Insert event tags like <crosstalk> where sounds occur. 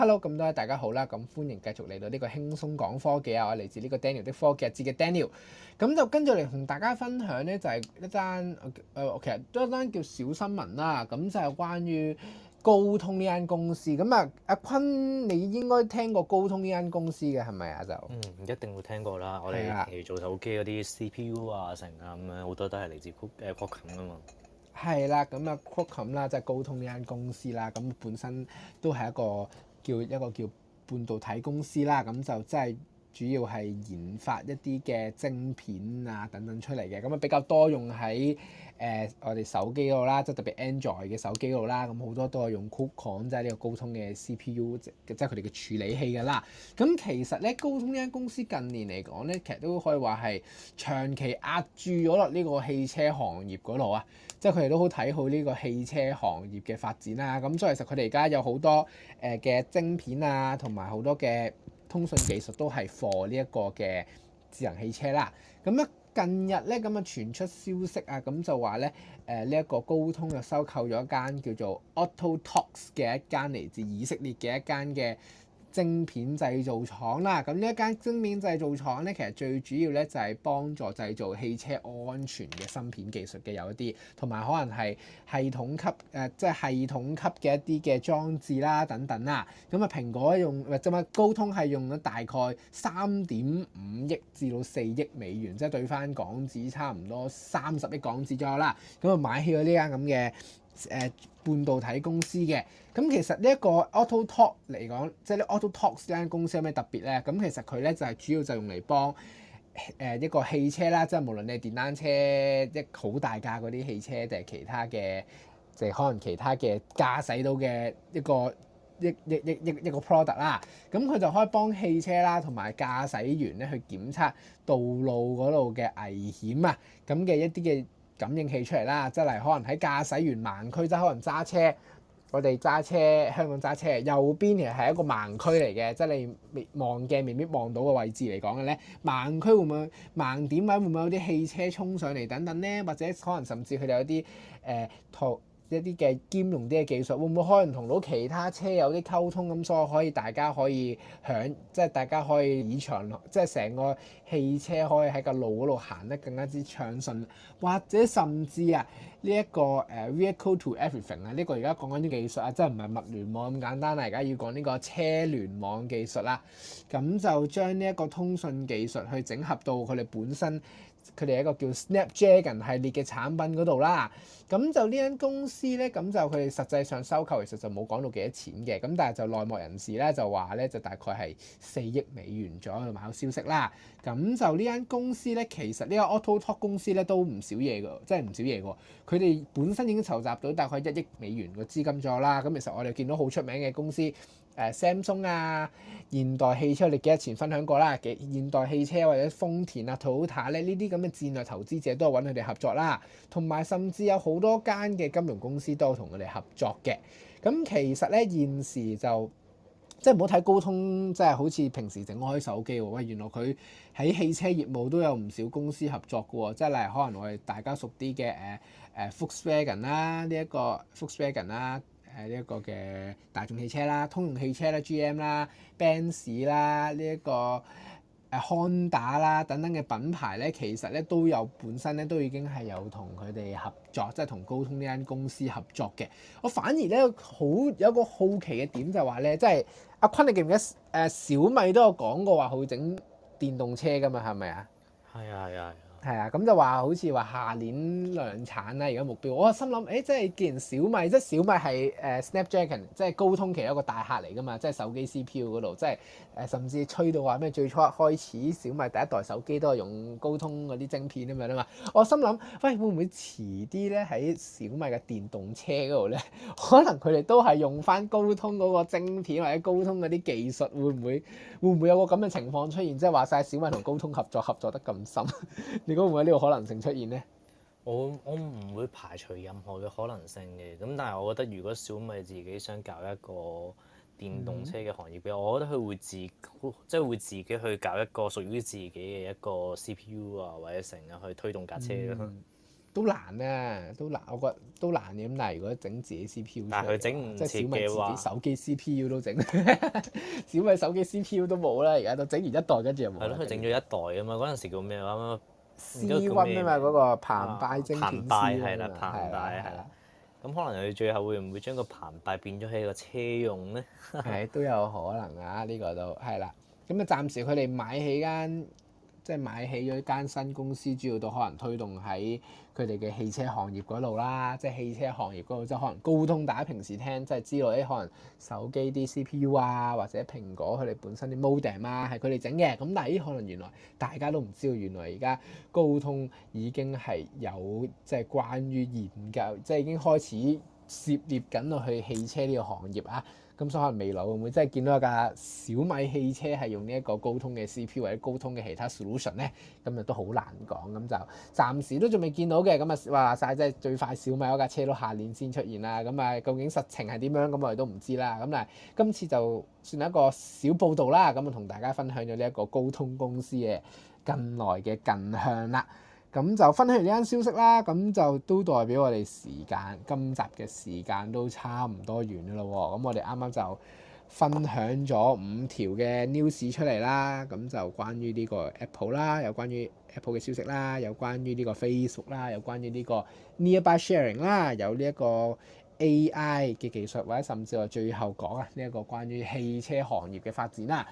Hello，咁多位大家好啦，咁歡迎繼續嚟到呢個輕鬆講科技啊，我嚟自呢個 Daniel 的科技日誌嘅 Daniel，咁就跟住嚟同大家分享呢，就係、是、一單誒、呃，其實都一單叫小新聞啦。咁就係關於高通呢間公司。咁啊，阿坤，你應該聽過高通呢間公司嘅係咪啊？就嗯，一定會聽過啦。的我哋做手機嗰啲 CPU 啊，成啊咁樣好多都係嚟自誒 Qualcomm 啊嘛。係啦，咁啊 Qualcomm 啦，即係高通呢間公司啦。咁本身都係一個。叫一個叫半導體公司啦，咁就即係。主要係研發一啲嘅晶片啊等等出嚟嘅，咁啊比較多用喺誒、呃、我哋手機度啦，即係特別 Android 嘅手機度啦。咁好多都係用 Qualcomm 即係呢個高通嘅 CPU，即係佢哋嘅處理器㗎啦。咁其實咧，高通呢間公司近年嚟講咧，其實都可以話係長期壓住咗落呢個汽車行業嗰度啊，即係佢哋都好睇好呢個汽車行業嘅發展啦。咁所以其實佢哋而家有好多誒嘅晶片啊，同埋好多嘅。通訊技術都係 for 呢一個嘅智能汽車啦。咁啊，近日咧，咁啊傳出消息啊，咁就話咧誒呢一、呃呢個高通又收購咗一間叫做 AutoTalks 嘅一間嚟自以色列嘅一間嘅。晶片製造廠啦，咁呢一間晶片製造廠咧，其實最主要咧就係幫助製造汽車安全嘅芯片技術嘅有一啲，同埋可能係系統級誒，即、呃、係、就是、系統級嘅一啲嘅裝置啦等等啦。咁、嗯、啊，蘋果用唔係咁，高通係用咗大概三點五億至到四億美元，即係對翻港紙差唔多三十億港紙左右啦。咁、嗯、啊，買起咗呢間咁嘅。誒半導體公司嘅，咁其實呢一個 AutoTalk 嚟講，即係呢 AutoTalk 呢間公司有咩特別咧？咁其實佢咧就係主要就用嚟幫誒一個汽車啦，即係無論你係電單車、一好大架嗰啲汽車，定係其他嘅，即係可能其他嘅駕駛到嘅一個一一一一一個 product 啦。咁佢就可以幫汽車啦同埋駕駛員咧去檢測道路嗰度嘅危險啊，咁嘅一啲嘅。感應器出嚟啦，即係例如可能喺駕駛員盲區，即係可能揸車，我哋揸車香港揸車，右邊其實係一個盲區嚟嘅，即係你望鏡未必望到個位置嚟講嘅咧，盲區會唔會盲點或者會唔會有啲汽車衝上嚟等等咧，或者可能甚至佢哋有啲誒圖，呃圖一啲嘅兼容啲嘅技術，會唔會可能同到其他車有啲溝通咁，所以可以大家可以響，即係大家可以以場，即係成個汽車可以喺個路嗰度行得更加之暢順，或者甚至啊～呢一個誒 vehicle to everything 咧，呢個而家講緊啲技術啊，即係唔係物聯網咁簡單啦，而家要講呢個車聯網技術啦。咁就將呢一個通訊技術去整合到佢哋本身佢哋一個叫 Snapdragon 系列嘅產品嗰度啦。咁就呢間公司咧，咁就佢哋實際上收購，其實就冇講到幾多錢嘅。咁但係就內幕人士咧就話咧，就大概係四億美元左右嘅消息啦。咁就呢間公司咧，其實呢個 Autotalks 公司咧都唔少嘢㗎，即係唔少嘢㗎。佢哋本身已經籌集到大概一億美元個資金咗啦，咁其實我哋見到好出名嘅公司，誒、呃、Samsung 啊、現代汽車，我哋幾日前分享過啦，現代汽車或者豐田啊、Toyota 咧呢啲咁嘅戰略投資者都係揾佢哋合作啦，同埋甚至有好多間嘅金融公司都有同佢哋合作嘅，咁其實咧現時就。即係唔好睇高通，即係好似平時整開手機喎。喂，原來佢喺汽車業務都有唔少公司合作嘅喎。即係例如可能我哋大家熟啲嘅誒誒 Volkswagen 啦，呢、啊、一、啊啊啊這個 Volkswagen 啦，誒呢一個嘅大眾汽車啦、通用汽車啦、GM 啦、啊、Benz 啦、啊，呢、這、一個。誒，Honda 啦等等嘅品牌咧，其實咧都有本身咧，都已經係有同佢哋合作，即係同高通呢間公司合作嘅。我反而咧好有一個好奇嘅點就話咧，即係阿坤，你記唔記得誒、呃、小米都有講過話佢會整電動車噶嘛，係咪啊？係係啊。係啊，咁就話好似話下年量產啦，而家目標。我心諗，誒、欸，即係既然小米，即係小米係誒 Snapdragon，即係高通其實一個大客嚟噶嘛，即係手機 CPU 嗰度，即係誒甚至吹到話咩最初一開始小米第一代手機都係用高通嗰啲晶片啊嘛啦嘛。我心諗，喂、欸，會唔會遲啲咧喺小米嘅電動車嗰度咧，可能佢哋都係用翻高通嗰個晶片或者高通嗰啲技術，會唔會會唔會有個咁嘅情況出現，即係話晒，小米同高通合作合作得咁深？ <laughs> 你覺唔覺得呢個可能性出現呢？我我唔會排除任何嘅可能性嘅。咁但係我覺得，如果小米自己想搞一個電動車嘅行業嘅，嗯、我覺得佢會自即係會自己去搞一個屬於自己嘅一個 CPU 啊，或者成日去推動架車、嗯、都難啊，都難，我覺得都難嘅。咁但係，如果整自己 CPU，但係佢整唔似嘅話，手機 CPU 都整。話 <laughs> 小米手機 CPU 都冇啦，而家都整完一代跟住又冇。係咯，佢整咗一代㗎嘛，嗰陣時叫咩話？私運啊嘛，嗰個澎湃，澎湃係啦，澎湃係啦，咁可能佢最後會唔會將個澎湃變咗喺個車用咧？係都有可能啊，呢、這個都係啦。咁、嗯、啊、嗯嗯，暫時佢哋買起間。即係買起咗一間新公司，主要都可能推動喺佢哋嘅汽車行業嗰度啦。即係汽車行業嗰度，即係可能高通大家平時聽即係知道，依、欸、可能手機啲 CPU 啊，或者蘋果佢哋本身啲 modem 啊，係佢哋整嘅。咁但係可能原來大家都唔知道，原來而家高通已經係有即係關於研究，即係已經開始涉獵緊落去汽車呢個行業啊。咁所以可能未來會唔會真係見到一架小米汽車係用呢一個高通嘅 CPU 或者高通嘅其他 solution 咧？咁就都好難講，咁就暫時都仲未見到嘅。咁啊話晒，即係最快小米嗰架車都下年先出現啦。咁啊究竟實情係點樣？咁我哋都唔知啦。咁啊今次就算係一個小報道啦。咁啊同大家分享咗呢一個高通公司嘅近來嘅近向啦。咁就分享完呢間消息啦，咁就都代表我哋時間，今集嘅時間都差唔多完啦喎。咁我哋啱啱就分享咗五條嘅 news 出嚟啦，咁就關於呢個 Apple 啦，有關於 Apple 嘅消息啦，有關於呢個 Facebook 啦，有關於呢個 nearby sharing 啦，有呢一個 AI 嘅技術，或者甚至我最後講啊，呢一個關於汽車行業嘅發展啦。